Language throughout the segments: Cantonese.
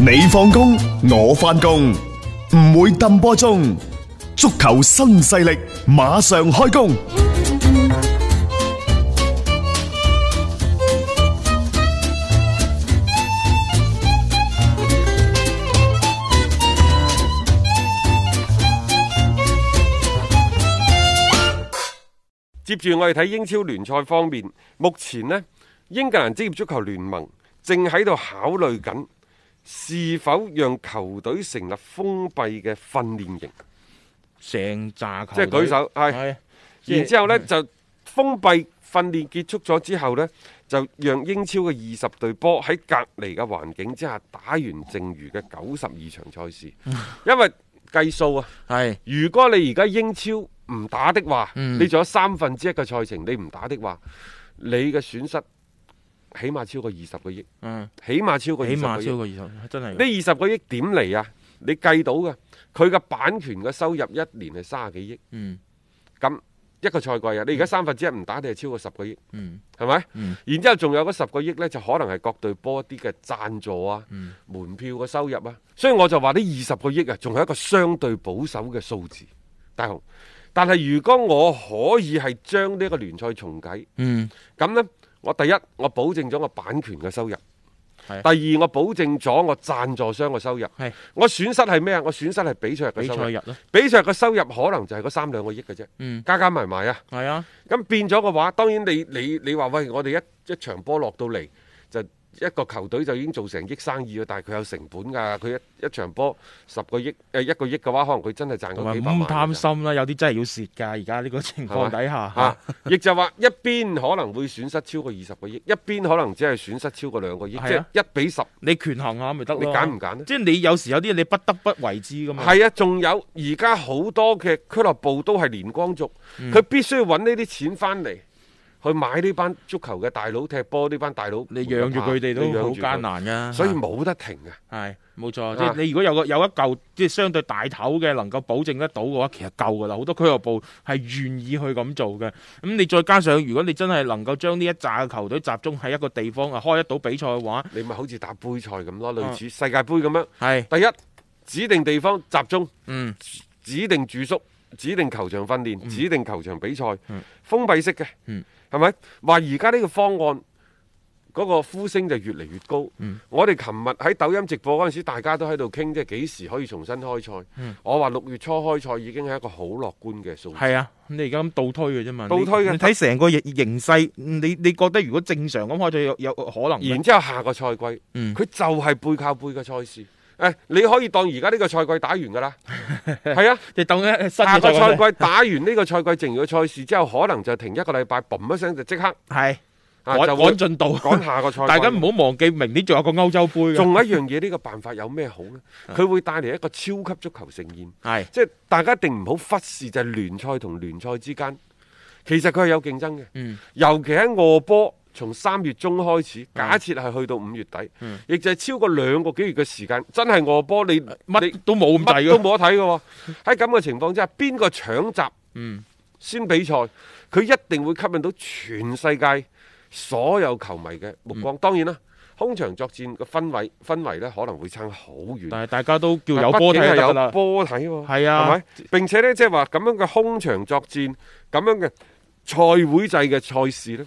你放工，我翻工，唔會抌波中。足球新勢力馬上開工。接住我哋睇英超聯賽方面，目前呢英格蘭職業足球聯盟正喺度考慮緊。是否讓球隊成立封閉嘅訓練營？成扎即係舉手係，然之後呢就封閉訓練結束咗之後呢，就讓英超嘅二十隊波喺隔離嘅環境之下打完剩餘嘅九十二場賽事。 因爲計數啊，係如果你而家英超唔打，嗯、打的話，你仲有三分之一嘅賽程你唔打的話，你嘅損失。起碼超過二十個億，嗯，起碼超過，起碼超過二十，真係。呢二十個億點嚟啊？你計到噶，佢嘅版權嘅收入一年係三十幾億，嗯，咁一個賽季啊，你而家三分之一唔打，你係超過十個億，嗯，係咪？然之後仲有嗰十個億呢，就可能係各隊波啲嘅贊助啊，嗯，門票嘅收入啊，所以我就話呢二十個億啊，仲係一個相對保守嘅數字，大雄。但係如果我可以係將呢個聯賽重啟，嗯，咁咧。我第一，我保證咗我版權嘅收入、啊；第二，我保證咗我贊助商嘅收入。我損失係咩啊？我損失係比賽嘅收入。比賽嘅收入可能就係嗰三兩個億嘅啫。嗯，加加埋埋啊。係啊。咁變咗嘅話，當然你你你話喂，我哋一一場波落到嚟就一個球隊就已經做成億生意咯，但係佢有成本噶，佢一一場波十個億誒一個億嘅話，可能佢真係賺同埋唔貪心啦、啊，有啲真係要蝕噶，而家呢個情況底下吓，亦、啊啊、 就話一邊可能會損失超過二十個億，一邊可能只係損失超過兩個億、啊，即係一比十，你權衡下咪得，你揀唔揀？即係你有時有啲你不得不為之噶嘛。係啊，仲有而家好多嘅俱樂部都係連光族，佢、嗯、必須要揾呢啲錢翻嚟。去買呢班足球嘅大佬踢波，呢班大佬你養住佢哋都好艱難噶，所以冇得停嘅。係冇錯，即係你如果有個有一嚿即係相對大頭嘅，能夠保證得到嘅話，其實夠噶啦。好多俱樂部係願意去咁做嘅。咁你再加上，如果你真係能夠將呢一紮嘅球隊集中喺一個地方啊，開一到比賽嘅話，你咪好似打杯賽咁咯，類似世界杯咁樣。係第一指定地方集中，嗯，指定住宿，指定球場訓練，嗯，指定球場比賽，封閉式嘅，嗯。係咪？話而家呢個方案嗰、嗰個呼聲就越嚟越高。嗯、我哋琴日喺抖音直播嗰陣時，大家都喺度傾，即係幾時可以重新開賽、嗯。我話六月初開賽已經係一個好樂觀嘅數字。係啊，你而家咁倒推嘅啫嘛。倒推嘅，睇成個形形勢，你你覺得如果正常咁開賽有有可能？然之後下個賽季，佢、嗯、就係背靠背嘅賽事。誒、哎，你可以當而家呢個賽季打完㗎喇，係 啊，你等一個新的賽下個賽季打完呢個賽季剩餘嘅賽事之後，可能就停一個禮拜，卟一聲就即刻係、啊、就趕進度，趕下個賽。 大家唔好忘記，明年仲有一個歐洲杯。仲有一樣嘢，呢、這個辦法有咩好咧？佢會帶嚟一個超級足球盛宴，係即係大家一定唔好忽視，就係聯賽同聯賽之間，其實佢係有競爭嘅、嗯。尤其喺俄波。從三月中開始，假設係去到五月底，亦、嗯、就係超過兩個幾月嘅時間，嗯、真係餓波你乜都冇乜都冇得睇嘅喎。喺咁嘅情況之下，邊個搶閘先比賽，佢、嗯、一定會吸引到全世界所有球迷嘅目光。嗯、當然啦，空場作戰嘅氛圍氛圍咧可能會差好遠。但係大家都叫有波睇係有波睇喎。係啊，係咪？並且呢，即係話咁樣嘅空場作戰，咁樣嘅賽會制嘅賽事咧。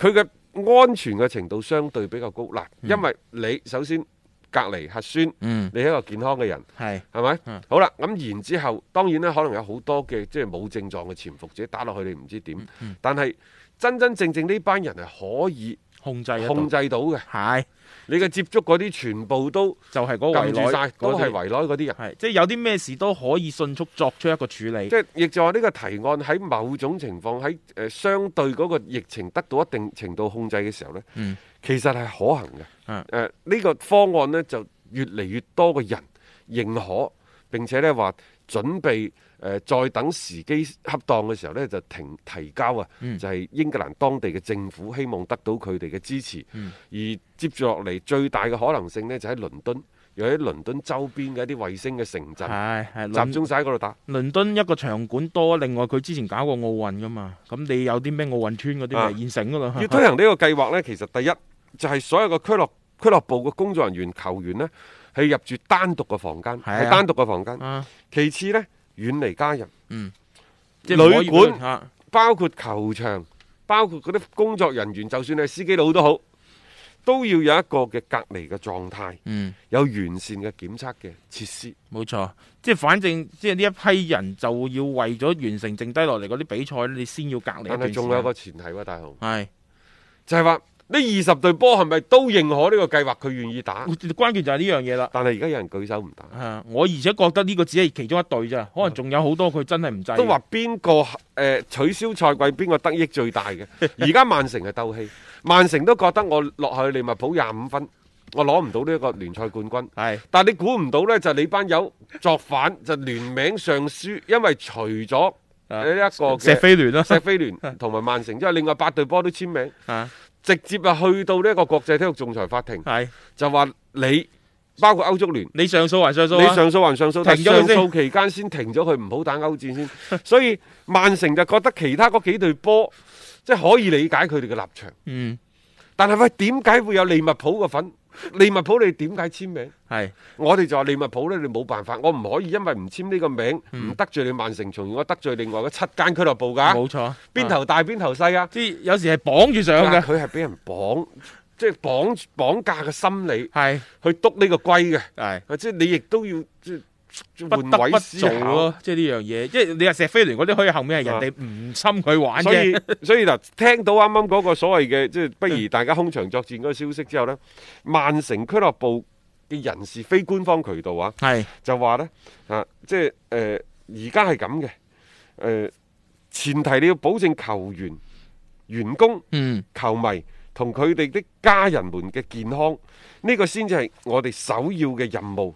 佢嘅安全嘅程度相對比較高，嗱，因為你首先隔離核酸，嗯、你係一個健康嘅人，係，係咪？好啦，咁然之後，當然咧，可能有好多嘅即係冇症狀嘅潛伏者打落去，你唔知點、嗯嗯，但係真真正正呢班人係可以控制控制到嘅，係你嘅接觸嗰啲全部都住就係、是、嗰圍內，都係圍內嗰啲人，即係、就是、有啲咩事都可以迅速作出一個處理。即係亦就話、是、呢個提案喺某種情況喺誒、呃、相對嗰個疫情得到一定程度控制嘅時候呢、嗯，其實係可行嘅，嗯呢、呃呢個方案呢，就越嚟越多嘅人認可並且呢話準備。誒、呃，再等時機恰當嘅時候呢，就停提交啊！嗯、就係、是、英格蘭當地嘅政府希望得到佢哋嘅支持。嗯、而接住落嚟最大嘅可能性呢，就喺倫敦，又喺倫敦周邊嘅一啲衛星嘅城鎮，集中晒喺嗰度打。倫敦一個場館多，另外佢之前搞過奧運噶嘛，咁你有啲咩奧運村嗰啲咪現成㗎啦、啊。要推行呢個計劃呢，其實第一就係、是、所有嘅俱樂俱樂部嘅工作人員、球員呢，係入住單獨嘅房間，係、啊、單獨嘅房間、啊。其次呢。遠離家人，嗯，即係旅館，啊，包括球場，包括嗰啲工作人員，就算你係司機佬都好，都要有一個嘅隔離嘅狀態，嗯，有完善嘅檢測嘅設施，嗯，冇錯，即係反正即係呢一批人就要為咗完成剩低落嚟嗰啲比賽，你先要隔離。但係仲有一個前提喎，啊，大雄，係、是，就係話。呢二十隊波係咪都認可呢個計劃？佢願意打？關鍵就係呢樣嘢啦。但係而家有人舉手唔打、啊。我而且覺得呢個只係其中一隊啫，可能仲有好多佢真係唔制。都話邊個誒取消賽季邊個得益最大嘅？而家曼城係鬥氣，曼城都覺得我落去利物浦廿五分，我攞唔到呢一個聯賽冠軍。係，但係你估唔到呢，就係、你班友作反，就聯名上書，因為除咗呢一個石飛聯啦，石飛聯同埋曼城之外，另外八隊波都簽名。啊！直接啊，去到呢個國際體育仲裁法庭，係就話你包括歐足聯，你上訴還上訴，你上訴還上訴停上訴期間先停咗佢，唔好打歐戰先。先 所以曼城就覺得其他嗰幾隊波，即係可以理解佢哋嘅立場。嗯，但係喂，點解會有利物浦個份？利物浦你點解簽名？係我哋就話利物浦咧，你冇辦法，我唔可以因為唔簽呢個名，唔得罪你曼城，從而我得罪另外嗰七間俱樂部噶。冇錯，邊頭大邊頭細噶，即係有時係綁住上嘅，佢係俾人綁，即係綁綁架嘅心理，係去督呢個龜嘅，係，即係你亦都要即。不得不做咯，即係呢樣嘢，即係你話石飛廉嗰啲可以後尾係人哋唔心去玩啫。所以所以嗱聽到啱啱嗰個所謂嘅，即係不如大家空場作戰嗰個消息之後呢，曼城俱樂部嘅人士非官方渠道啊，係就話咧啊，即係誒而家係咁嘅，誒前提你要保證球員、員工、嗯球迷同佢哋啲家人們嘅健康，呢個先至係我哋首要嘅任務。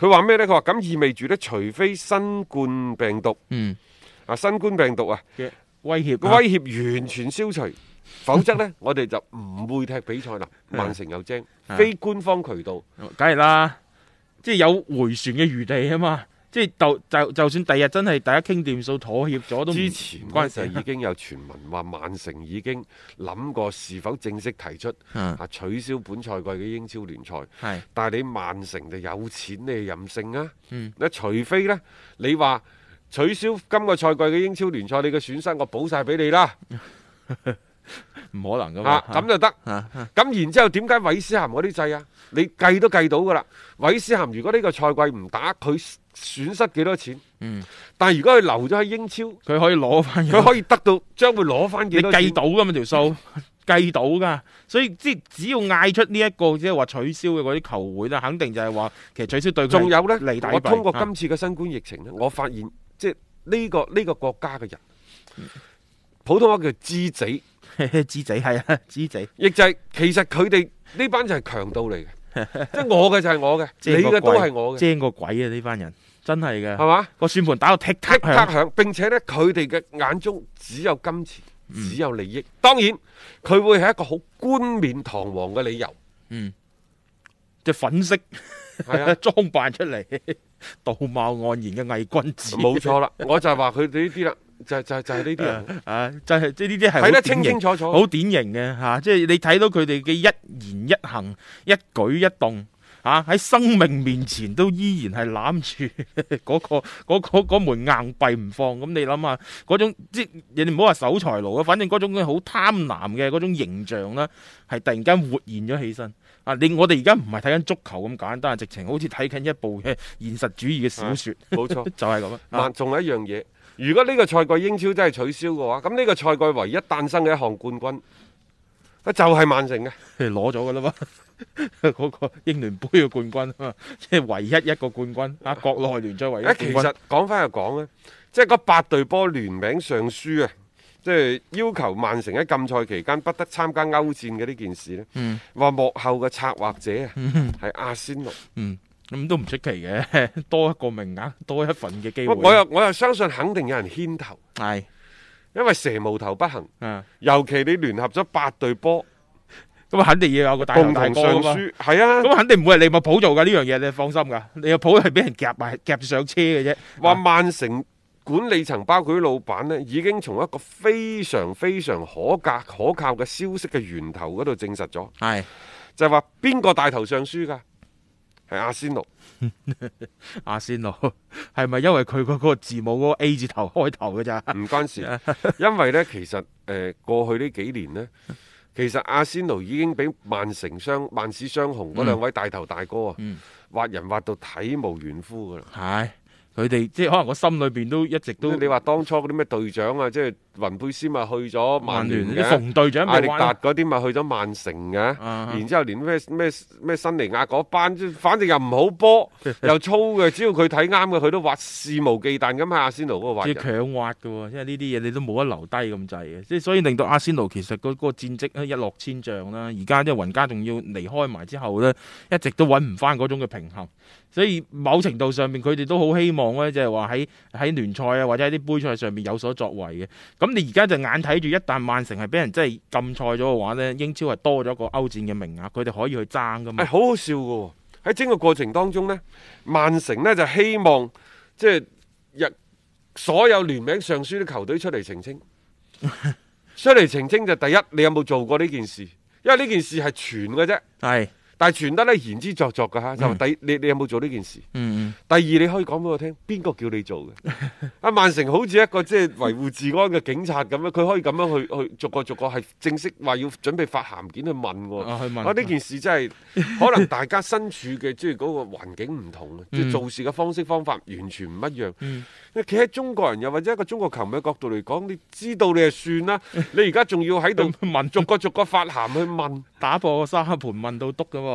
佢話咩呢？佢話咁意味住呢，除非新冠病毒，嗯啊新冠病毒啊，嘅威脅、啊，威脅完全消除， 否則呢，我哋就唔會踢比賽啦。曼城又精，非官方渠道，梗係啦，即係、就是、有回旋嘅餘地啊嘛。即係就就就算第日真係大家傾掂數妥協咗都，之前關事已經有傳聞話曼城已經諗過是否正式提出嚇取消本賽季嘅英超聯賽。啊、但係你曼城就有錢，你任性啊！嗯，除非呢，你話取消今個賽季嘅英超聯賽，你嘅損失我補晒俾你啦，唔、啊、可能噶嘛，咁就得咁，然之後點解韋斯咸嗰啲掣啊？啊啊啊你計都計到噶啦，韋斯咸如果呢個賽季唔打佢。損失幾多錢？嗯，但係如果佢留咗喺英超，佢可以攞翻，佢可以得到，將會攞翻幾多？你計到噶嘛？條數計到噶，所以即係只要嗌出呢、這、一個即係話取消嘅嗰啲球會咧，肯定就係話其實取消對佢仲有咧利大。我通過今次嘅新冠疫情咧，我發現即係呢個呢、這個國家嘅人，普通話叫知仔，知 仔係啊，知仔，亦就係、是、其實佢哋呢班就係強盜嚟嘅。 即係我嘅就係我嘅 你嘅都係我嘅，精過鬼，鬼啊！呢班人真係嘅，係嘛個算盤打到踢踢踢響，並且咧佢哋嘅眼中只有金錢、嗯，只有利益。當然佢會係一個好冠冕堂皇嘅理由，嗯，即粉飾係啊，裝 扮出嚟道貌岸然嘅偽君子。冇錯啦，我就係話佢哋呢啲啦。 就係、就係、就係呢啲啊，啊，就係即係呢啲係睇得清清楚楚，好典型嘅吓，即、啊、係、就係、你睇到佢哋嘅一言一行、一舉一動，啊，喺生命面前都依然係攬住嗰個嗰、嗰個嗰個、門硬幣唔放。咁你諗下，嗰種即係你哋唔好話守財奴啦，反正嗰種好貪婪嘅嗰種形象啦，係突然間活現咗起身啊！你我哋而家唔係睇緊足球咁簡單，直情好似睇緊一部現實主義嘅小說。冇、啊、錯，就係、係、咁。但、啊、仲有一樣嘢。如果呢個賽季英超真係取消嘅話，咁呢個賽季唯一誕生嘅一項冠軍啊就係、是、曼城嘅，攞咗噶啦嘛，嗰 個英聯杯嘅冠軍啊，即、就、係、是、唯一一個冠軍啊， 國內聯賽唯一。誒，其實講翻又講咧，即係、就是、八隊波聯名上書啊，即、就、係、是、要求曼城喺禁賽期間不得參加歐戰嘅呢件事咧，嗯，話幕後嘅策劃者啊係阿仙奴，嗯。咁都唔出奇嘅，多一個名額，多一份嘅機會。我又我又相信，肯定有人牽頭。係，因為蛇無頭不行。尤其你聯合咗八隊波，咁、嗯、啊，肯定要有個大頭上書。係、嗯、啊，咁肯定唔會係利物浦做噶呢樣嘢，你放心噶。利物浦係俾人夾埋夾上車嘅啫。話、嗯、曼城管理層包括啲老闆呢，已經從一個非常非常可格可靠嘅消息嘅源頭嗰度證實咗。係，就話邊個帶頭上書噶？係阿仙奴， 阿仙奴係咪因為佢嗰個字母嗰個 A 字頭開頭㗎咋？唔關事，因為咧，其實誒、呃、過去呢幾年咧，其實阿仙奴已經畀曼城雙、曼市雙雄嗰兩位大頭大哥啊，挖、嗯嗯、人挖到體無完膚噶啦。係，佢哋即係可能我心裏邊都一直都，你話當初嗰啲咩隊長啊，即係。雲佩斯咪去咗曼聯嘅，阿力達嗰啲咪去咗曼城嘅，啊，然之後連咩咩咩新尼亞嗰班，反正又唔好波，又粗嘅，只要佢睇啱嘅，佢都話肆無忌憚咁喺阿仙奴嗰個挖。要強挖嘅喎，因為呢啲嘢你都冇得留低咁滯嘅，即係所以令到阿仙奴其實個個戰績一落千丈啦。而家即係雲家仲要離開埋之後咧，一直都揾唔翻嗰種嘅平衡，所以某程度上面，佢哋都好希望咧，即係話喺喺聯賽啊，或者喺啲杯賽上面有所作為嘅。咁咁你而家就眼睇住，一旦曼城係俾人即係禁賽咗嘅話呢，英超係多咗個歐戰嘅名額，佢哋可以去爭噶嘛、哎？係好好笑噶喎、哦！喺整個過程當中呢，曼城呢就希望即係、就是、日，所有聯名上書啲球隊出嚟澄清。 出嚟澄清，就第一，你有冇做過呢件事？因為呢件事係傳嘅啫。係。但係傳得咧言之鑿鑿噶嚇，就第你你有冇做呢件事？嗯嗯。第二你可以講俾我聽，邊個叫你做嘅？阿曼城好似一個即係維護治安嘅警察咁樣，佢可以咁樣去去逐個逐個係正式話要準備發函件去問喎、啊。去問。啊，呢件事真係可能大家身處嘅即係嗰個環境唔同啊，即係做事嘅方式方法完全唔一樣。企、嗯、喺中國人又或者一個中國球迷角度嚟講，你知道你就算啦，你而家仲要喺度逐，逐個逐個發函去問， 打破三個沙盤問到篤嘅。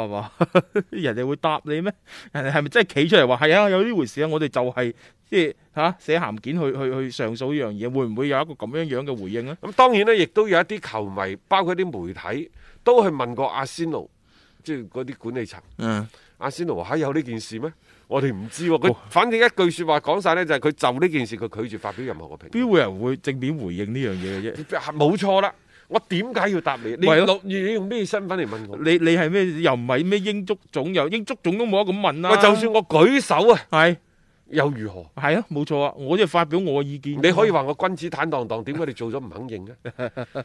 人哋會答你咩？人哋係咪真係企出嚟話係啊？有呢回事啊？我哋就係即係吓寫函件去去去上訴呢樣嘢，會唔會有一個咁樣樣嘅回應咧？咁當然咧，亦都有一啲球迷，包括啲媒體，都去問過阿仙奴，即係嗰啲管理層。嗯，阿仙奴吓，有呢件事咩、嗯？我哋唔知喎。佢反正一句說話講晒咧，就係佢就呢件事，佢拒絕發表任何嘅評論。邊會有人會正面回應呢樣嘢嘅啫？冇錯啦。我點解要答你？你用咩身份嚟問我？你你係咩？又唔係咩英足總？又英足總都冇得咁問啦、喂。就算我舉手啊，係。又如何？係啊，冇錯啊！我即係發表我嘅意見。你可以話我君子坦蕩蕩，點解你做咗唔肯認咧？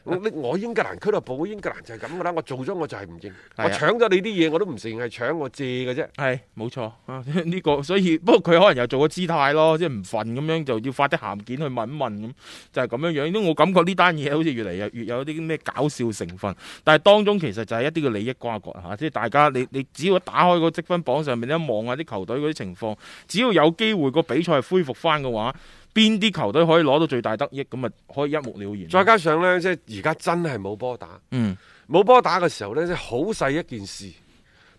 我英格蘭俱樂部，英格蘭就係咁噶啦！我做咗我就係唔認，啊、我搶咗你啲嘢我都唔承認係搶，我借嘅啫。係、啊，冇錯。呢、啊這個所以，不過佢可能又做個姿態咯，即係唔瞓咁樣，就要發啲函件去問一問咁，就係咁樣樣。因為我感覺呢單嘢好似越嚟越有啲咩搞笑成分，但係當中其實就係一啲嘅利益瓜葛吓，即、啊、係、就是、大家你你只要打開個積分榜上面一望下啲球隊嗰啲情況，只要有機。機會個比賽恢復翻嘅話，邊啲球隊可以攞到最大得益咁啊？可以一目了然。再加上呢，即係而家真係冇波打，嗯，冇波打嘅時候呢，即係好細一件事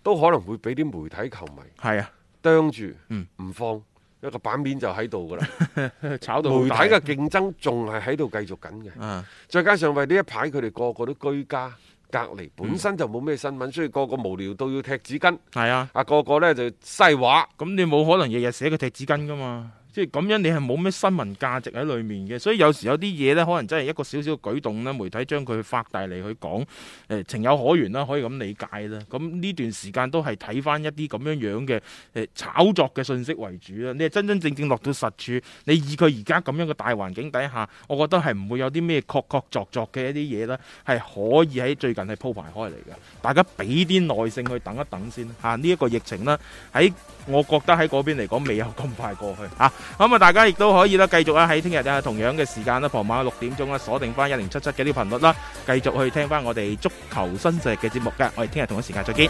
都可能會俾啲媒體球迷係啊，啄住，嗯，唔放一個版面就喺度噶啦，炒到媒體嘅競爭仲係喺度繼續緊嘅、嗯。再加上為呢一排佢哋個個都居家。隔離本身就冇咩新聞，所以個個無聊到要踢紙巾。係啊，啊個個咧就西話，咁你冇可能日日寫佢踢紙巾㗎嘛？即係咁樣，你係冇咩新聞價值喺裏面嘅，所以有時有啲嘢呢，可能真係一個小小舉動呢，媒體將佢發大嚟去講，情有可原啦，可以咁理解啦。咁呢段時間都係睇翻一啲咁樣樣嘅、呃、炒作嘅信息為主啦。你真真正正落到實處，你以佢而家咁樣嘅大環境底下，我覺得係唔會有啲咩確確鑿鑿嘅一啲嘢啦，係可以喺最近係鋪排開嚟嘅。大家俾啲耐性去等一等先吓，呢一、啊這個疫情呢，喺我覺得喺嗰邊嚟講，未有咁快過去、啊咁啊，大家亦都可以啦，繼續啊喺聽日啊同樣嘅時間啦，傍晚六點鐘啦，鎖定翻一零七七嘅呢個頻率啦，繼續去聽翻我哋足球新勢力嘅節目噶，我哋聽日同一時間再見。